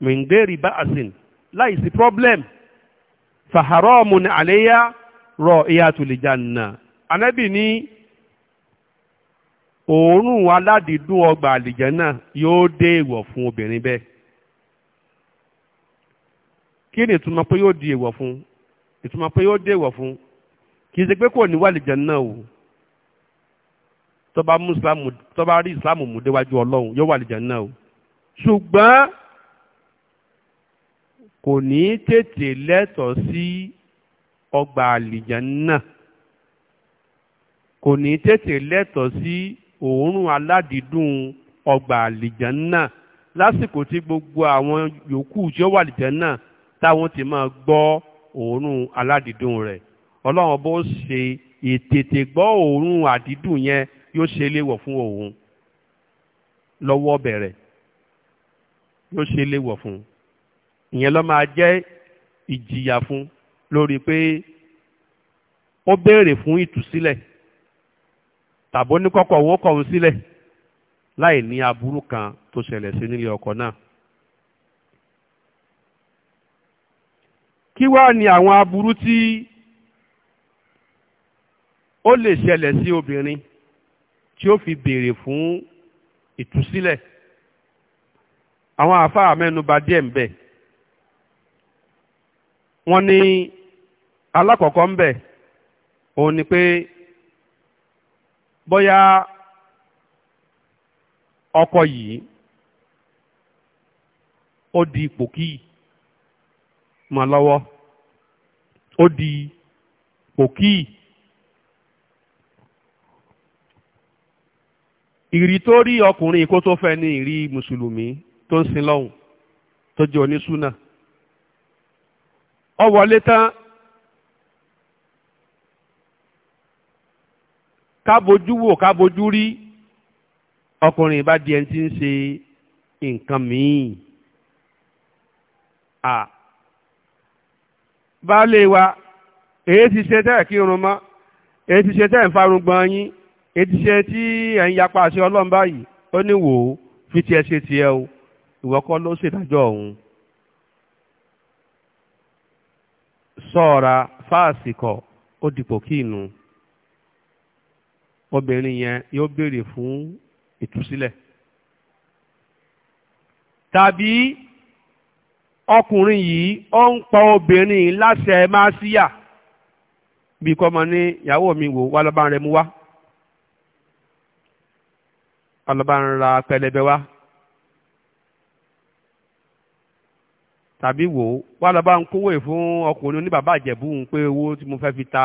من غير àsìn láìsí problem fàhàrọ́ọ̀mù ní àléyá rọ ìyàtùlìjànà anábì ní òórùn aládìídùn ọgbà àlìjànà yóò dé èèwọ̀ fún obìnrin bẹ́ẹ̀ kí ni ìtumọ̀ pé yóò di èèwọ̀ fún ìtumọ̀ pé yóò dé èèwọ̀ fún kì í ṣe pé kò ní wà àlìjànà o tó rí ìsìlámù mú déwájú ọlọ́run yóò wà àlìjànà o ṣùgbọ́n kò ní tètè lẹ́tọ̀ọ́ sí ọgbà àlìjànnà kò ní tètè lẹ́tọ̀ọ́ sí òórùn aládìídùn ọgbà àlìjànnà lásìkò tí gbogbo àwọn yòókù tí ó wà àlìjànnà táwọn ti máa gbọ́ òórùn aládìídùn rẹ̀ ọlọ́run bó ṣe ètètè gbọ́ òórùn àdídùn yẹn yóò ṣe léwọ̀ fún òun lọ́wọ́ bẹ̀rẹ̀ yóò ṣe léwọ̀ fún un ìyẹn ló máa jẹ́ ìjìyà fún lórí pé ó béèrè fún ìtúsílẹ̀ tàbó ní kọ́kọ́ òun ó kọ̀ òun sílẹ̀ láì ní aburú kan tó ṣẹlẹ̀ sí nílé ọkọ náà. kí wá ni àwọn aburú tí ó lè ṣẹlẹ̀ sí obìnrin tí ó fi béèrè fún ìtúsílẹ̀ àwọn àáfàá mẹ́nuba díẹ̀ ń bẹ. wọ́n ní alákọ̀ọ́kọ́ ń bẹ̀ òun ni pé bóyá ọkọ yìí ó di ipò kí mọ́ lọ́wọ́ ó di ipò kí ìrì tó rí ọkùnrin kó tó fẹ́ ní ìrì mùsùlùmí tó ń sin lọ́hùn tó jẹ́ onísúnà. ọ wọlé tán kábojú wò kábojú rí ọkùnrin bá di ẹni tí ń ṣe nǹkan míì à baálé wa èyí ti ṣe tẹ́ẹ̀ kírun mọ́ èyí ti ṣe tẹ́ẹ̀ ń farugbọn yín èyí ti ṣe tí ẹ̀ yapa àṣẹ ọlọ́run báyìí ó ní wò ó fi tiẹ̀ ṣe tiẹ̀ o ìwọ ló ṣèdájọ́ ọ̀hún. sọ́ọ̀ra fáàsìkọ̀ ó dìpò kíìnù obìnrin yẹn yóò béèrè fún ìtúsílẹ̀ tàbí ọkùnrin yìí ó ń pa obìnrin láṣẹ máa síyà bí mọ ní ìyàwó mi wò wá lọ́ba rẹ̀ mú wá ọlọ́ba ń ra pẹlẹbẹ wá tàbí wò ó wá lọ bá ń kówó ẹ̀ fún ọkùnrin oní bàbá àjẹ̀bú ń pé owó tí mo fẹ́ fi ta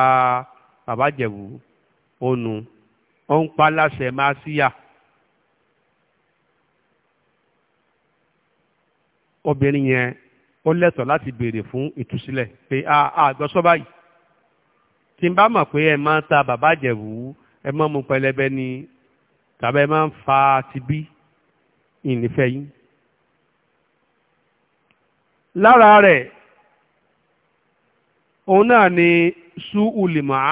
bàbá àjẹ̀bú ònu ó ń pa láṣẹ máa síyà. obìnrin yẹn ó lẹ́tọ̀ọ́ láti béèrè fún ìtúsílẹ̀ pé àgbọ̀sọ́ báyìí tí n bá mọ̀ pé ẹ máa ń ta bàbá àjẹ̀wú ẹ máa ń pẹlẹbẹ ni tàbí ẹ máa ń fa tibí ìnífẹ́ yín lára rẹ̀ òun náà ni suulimọ̀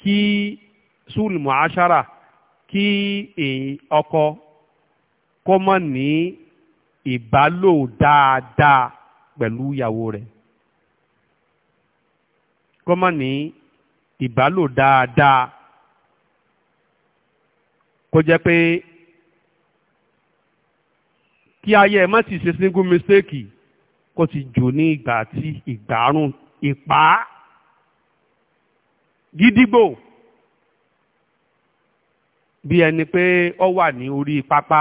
kí suulimọ̀ aṣára kí èyí ọkọ kó ní ìbálò dáadáa pẹ̀lú ìyàwó rẹ̀ kó ní ìbálò dáadáa kó jẹ́ pé kí ayé ẹ̀ má ti ṣe single mistake kó ti jò ní ìgbà tí ìgbárùn ìpá gídígbò bí ẹni pé ó wà ní orí pápá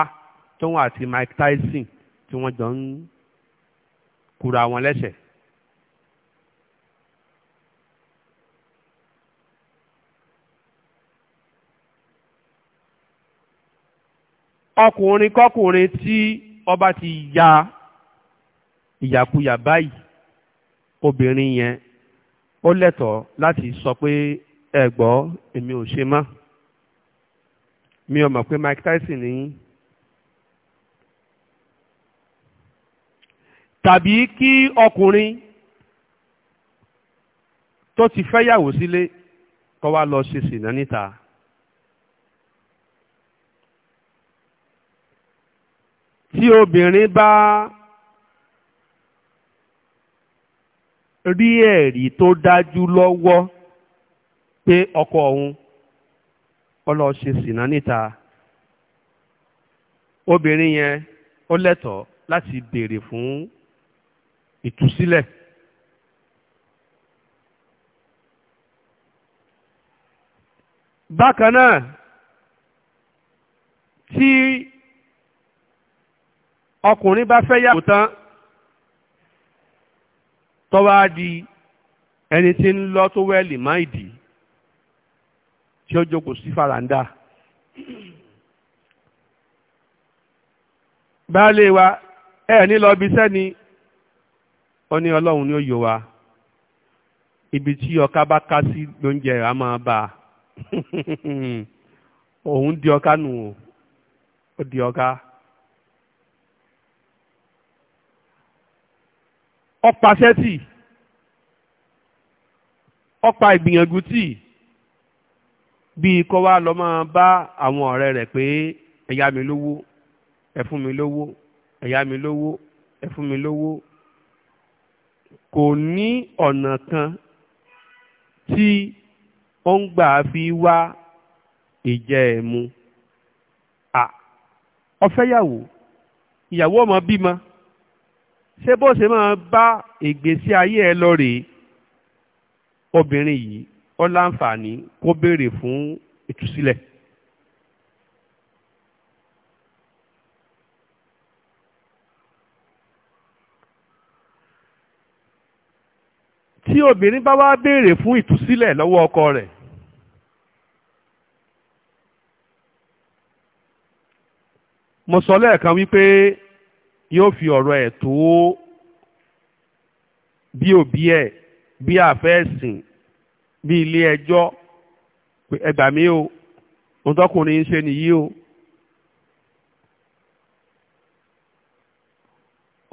tóun àti Mike Tyson tí wọ́n jọ ń kura wọn lẹ́sẹ̀. ọkùnrin kọkùnrin tí ọba ti ya ìyàkuyà báyìí obìnrin yẹn ó lẹ́tọ̀ọ́ láti sọ pé ẹ gbọ́ èmi ò ṣe mọ́ mi ò mọ̀ pé Mike Tyson ní tàbí kí ọkùnrin tó ti fẹ́yàwó sílé kó wá lọ ṣe sìnà níta. tí obìnrin bá rí ẹ̀rí tó dájú lọ́wọ́ pé ọkọ òun ọlọ́ọ̀ ṣe sìnà níta obìnrin yẹn ó lẹ́tọ̀ọ́ láti béèrè fún ìtúsílẹ̀. bákan náà tí ọkùnrin bá fẹ́ yàwó tán tó wá di ẹni tí ń lọ tó wẹ́ẹ̀lì má ìdí tí ó jókòó sí faranda baálé wa ẹ ní lọ bí sẹ́ni ó ní ọlọ́run ni ó yọ wa ibi tí ọká bá ká sí lóúnjẹ rà máa bá a òun di ọká nù ó di ọká. ọ̀pá sẹ́tì ọ̀pá ìgbìyànjú tì bíi kọ́ wa lọ máa bá àwọn ọ̀rẹ́ rẹ̀ pé ẹ yá mi lówó ẹ fún mi lówó ẹ yá mi lówó ẹ mi lówó kò ní ọ̀nà kan tí ó ń gbà fi wá ìjẹ ẹ̀mu ọ̀fẹ́yàwó ìyàwó ọmọ bímọ ṣé bó ṣe máa bá ìgbésí ayé ẹ lọ rèé obìnrin yìí ó láǹfààní kó béèrè fún ìtúsílẹ̀. tí obìnrin bá wá béèrè fún ìtúsílẹ̀ lọ́wọ́ ọkọ rẹ̀ mo sọ lẹ́ẹ̀kan wípé yóò fi ọ̀rọ̀ ẹ̀ tó bí òbí ẹ̀ bí àfẹ́ẹ̀sìn bí ilé ẹjọ́ ẹgbà mi o ohun ṣe nìyí o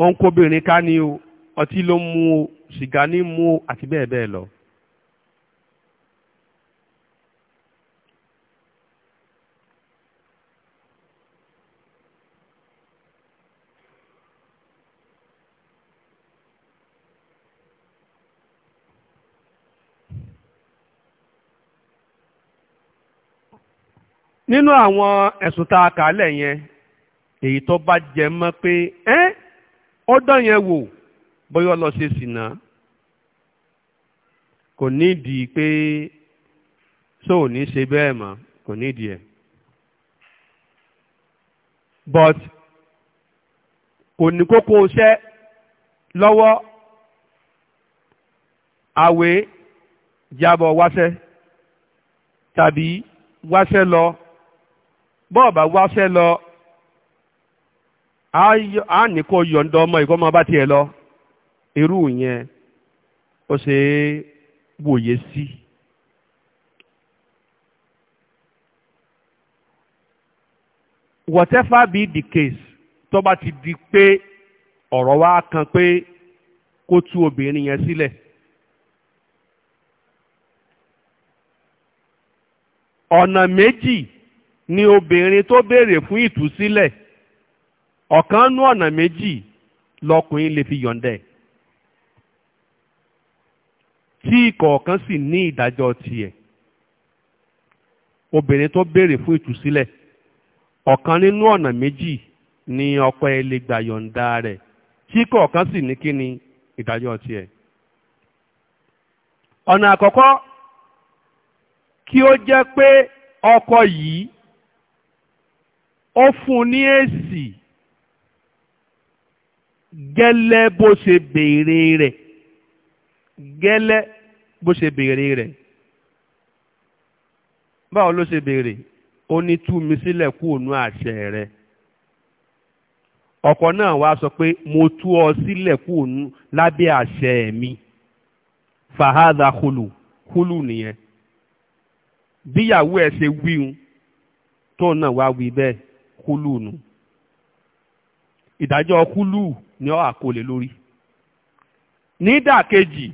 ó ká ni o ọtí ló ń mu o sìgá ní mu o àti bẹ́ẹ̀ bẹ́ẹ̀ lọ. nínú àwọn ẹ̀sùn tá a kà á lẹ̀ yẹn èyí tó bá jẹ mọ́ pé ẹ́ ọdọ́ yẹn wò bóyá lọ ṣe sìnà kò nídìí pé ṣó ò ní ṣe bẹ́ẹ̀ mọ́ kò nídìí ẹ̀ but kò ní kókó iṣẹ́ lọ́wọ́ àwẹ̀ jábọ̀ wáṣẹ́ tàbí wáṣẹ́ lọ bọ́ọ̀bà wáṣẹ́ lọ á ní kó yọ̀ǹda ọmọ ìkọ́ máa bá tiẹ̀ lọ irú yẹn ó ṣe é wòye sí. whatever be the case tó bá ti di pé ọ̀rọ̀ wa kan pé kó tú obìnrin yẹn sílẹ̀. ọ̀nà méjì ni obìnrin tó béèrè fún ìtúsílẹ̀ ọ̀kan nú ọ̀nà méjì lọkùnrin lè fi yọ̀ǹdẹ̀ tí kọ̀ọ̀kan sì ní ìdájọ́ tiẹ̀ obìnrin tó béèrè fún ìtúsílẹ̀ ọ̀kan nínú ọ̀nà méjì ni ọkọ ẹ̀ lè gbà yọ̀ǹda rẹ̀ tí kọ̀ọ̀kan sì ní kí ni ìdájọ́ tiẹ̀ ọ̀nà àkọ́kọ́ kí ó jẹ́ pé ọkọ yìí ó fún ní èsì gẹ́lẹ́ bó ṣe béèrè rẹ̀ gẹ́lẹ́ bó ṣe béèrè rẹ̀ báwo ló ṣe béèrè ó ní tú mi sílẹ̀ kú ònú àṣẹ rẹ̀ ọkọ náà wá sọ pé mo tú ọ sílẹ̀ kú ònú lábẹ́ àṣẹ mi fàhádà hulu hulu nìyẹn bíyàwó ẹ ṣe wíhun tóun náà wá wí bẹ́ẹ̀ kúlù nù ìdájọ́ kúlù ni ó àkọlé lórí nídàkejì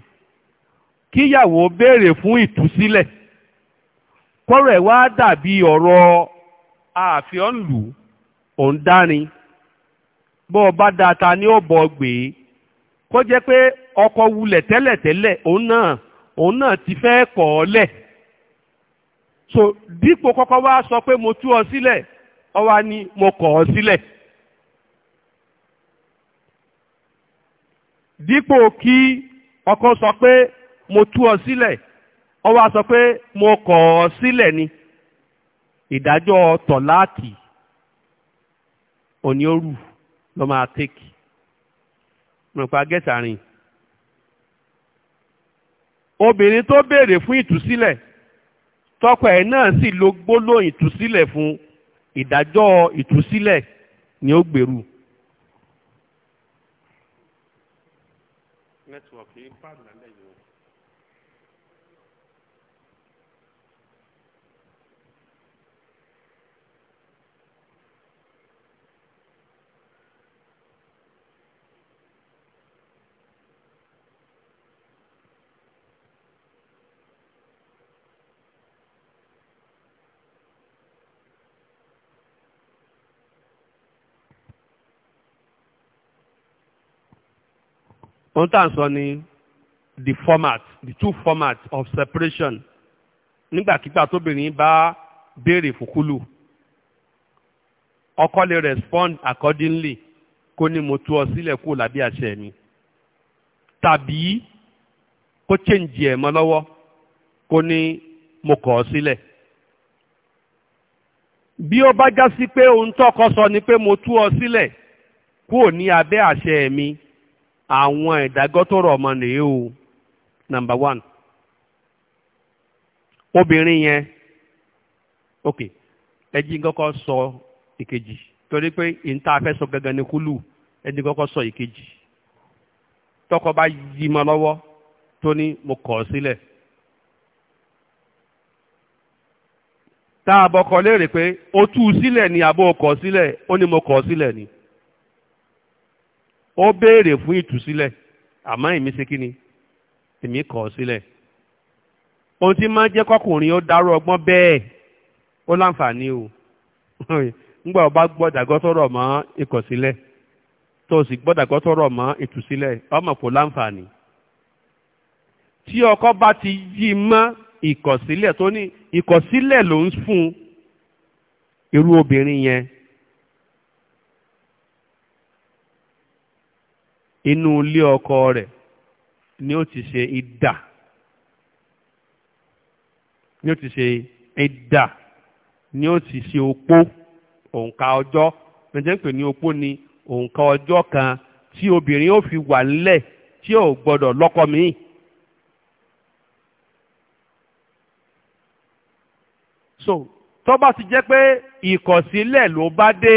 kíyàwó béèrè fún ìtúsílẹ̀ kọ́rọ̀ ẹ̀ wá dàbí ọ̀rọ̀ àfihànlù òǹdárin bó o bá da ta ní ọ̀bọ̀ gbé kó jẹ́ pé ọkọ wulẹ̀ tẹ́lẹ̀tẹ́lẹ̀ òun náà òun náà ti fẹ́ kọ̀ ọ́ lẹ̀ so dípò kọ́kọ́ wá sọ pé mo tú ọ sílẹ̀ ọ wá ní mo kọ̀ ọ́ sílẹ̀. dípò kí ọkọ sọ pé mo tú ọ sílẹ̀ ọ sọ pé mo kọ̀ ọ́ sílẹ̀ ni ìdájọ́ tọ̀láàkì òní òrù ló máa tẹ́kì mọ̀pá gẹ́sàárín obìnrin tó béèrè fún ìtúsílẹ̀ tọkọ ẹ̀ náà sì lo gbólóhùn ìtúsílẹ̀ fún ìdájọ́ ìtúsílẹ̀ ni ó gbèrú. nẹ́tíwọ̀kì ohun tá sọ ni the format the two formats of separation nígbàkigbà tóbìnrin bá béèrè fòkúlù ọkọ lè respond accordingly kó ní mo tú ọ sílẹ̀ kó lábí àṣẹ mi tàbí kó chẹ́ǹjì ẹ̀ mọ́ lọ́wọ́ kó ní mo kọ̀ ọ́ sílẹ̀ bí ó bá já sí pé ohun tọkọ sọ ni pé mo tú ọ sílẹ̀ kúò ní abẹ́ àṣẹ mi àwọn ìdágọ́ tó rọ̀ ọmọ nìyí o number one obìnrin yẹn ok ẹjí kọ́kọ́ sọ ìkejì torí pé ìta fẹ́ sọ gẹ́gẹ́ ní kúlù ẹjí kọ́kọ́ sọ ìkejì tọkọ bá yí mọ lọ́wọ́ tó ní mo kọ̀ ọ́ sílẹ̀ tá a bọ̀ kọ́ léèrè pé o tú u sílẹ̀ ni àbó o kọ̀ sílẹ̀ ó ní mo kọ̀ sílẹ̀ ni. ó béèrè fún ìtúsílẹ̀ àmọ́ èmi ṣe kí ni èmi kọ̀ ọ́ sílẹ̀ ohun tí máa jẹ́ kọkùnrin ó dárú ọgbọ́n bẹ́ẹ̀ o ńgbà ọba gbọ́dàgọ́ sọ̀rọ̀ mọ́ ìkọ̀sílẹ̀ tó o sì gbọ́dàgọ́ ọmọ kò láǹfààní tí ọkọ bá ti yí tó ní ló ń fún irú inú ilé ọkọ rẹ̀ ni ó ti ṣe ìdà ni ó ti ṣe ìdà ni ó ti ṣe opó òǹkà ọjọ́ pẹ̀jẹ́ pé opó ni òǹkà ọjọ́ kan tí obìnrin ó fi wà nílẹ̀ tí ò gbọ́dọ̀ lọ́kọ míì. so tó bá ti jẹ́ pé ìkọ̀sílẹ̀ ló bá dé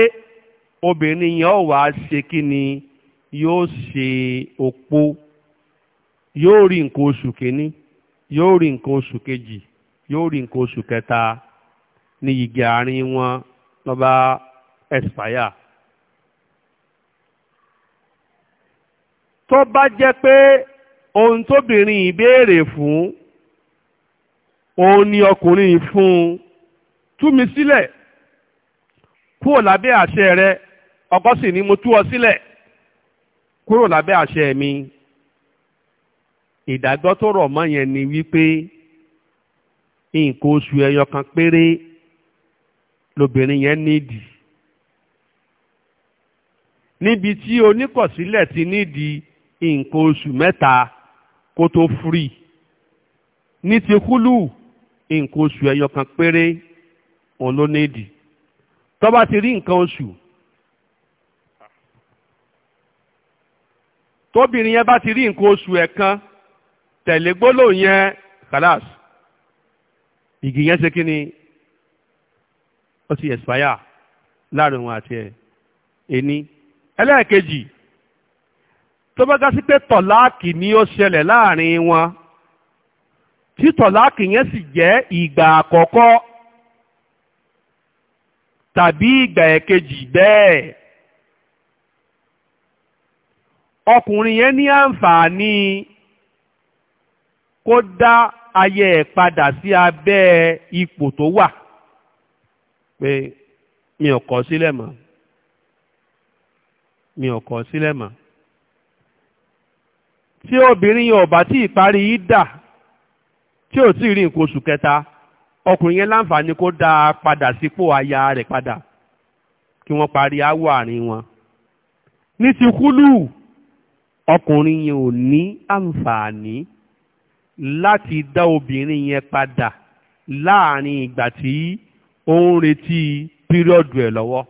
obìnrin yẹn ó wàá ṣe kí ni yóò se òpó yóò rí nǹkan oṣù kìíní yóò rí nǹkan oṣù kejì yóò rí nǹkan oṣù kẹta ní igi àárín wọn lọ́ba expire. tó bá jẹ́ pé ohun tóbìnrin yìí béèrè fún òun ni ọkùnrin yìí fún un tú mi sílẹ̀ kúrò lábẹ́ àṣẹ rẹ ọkọ sì ni mo tú ọ sílẹ̀. kúrò lábẹ́ àṣẹ mi ìdájọ́ tó rọ̀ mọ́ yẹn ni wípé nǹkan oṣù ẹyọ kan péré lobìnrin yẹn nídìí níbi tí oníkọ̀sílẹ̀ ti nídìí nǹkan oṣù mẹ́ta kó tó fúrì ní ti kúlù nǹkan oṣù ẹyọ kan péré òun ló nídìí tó ti rí nǹkan oṣù tóbìnrin yẹn bá ti rí nǹkan oṣù ẹ̀ kan tẹ̀lé gbólóhùn yẹn kàlàs igi yẹn ṣe kí ni ó ti expire láàrin òun àti ẹ̀ ẹni ẹlẹ́ẹ̀kejì tó bá gásí pé tọ̀láàkì ni ó ṣẹlẹ̀ láàrin wọn tí tọ̀láàkì yẹn sì jẹ́ ìgbà àkọ́kọ́ tàbí ìgbà ẹ̀kejì bẹ́ẹ̀ ọkùnrin yẹn ní àǹfààní kó dá ayé ẹ̀ padà sí abẹ́ ipò tó wà pé mi ò kọ̀ sílẹ̀ mọ́ mi ò kọ̀ sílẹ̀ mọ́ tí obìnrin yẹn ò bá tí ìparí yìí dà tí ò tí ì rí nǹkan oṣù kẹta ọkùnrin yẹn láǹfààní kó dá a padà sípò aya rẹ̀ padà kí wọ́n parí áwọ̀ àárín wọn ní ti kúlù ọkùnrin yẹn ò ní àǹfààní láti dá obìnrin yẹn padà láàrin ìgbà tí ó ń retí píríọ̀dù ẹ̀ lọ́wọ́.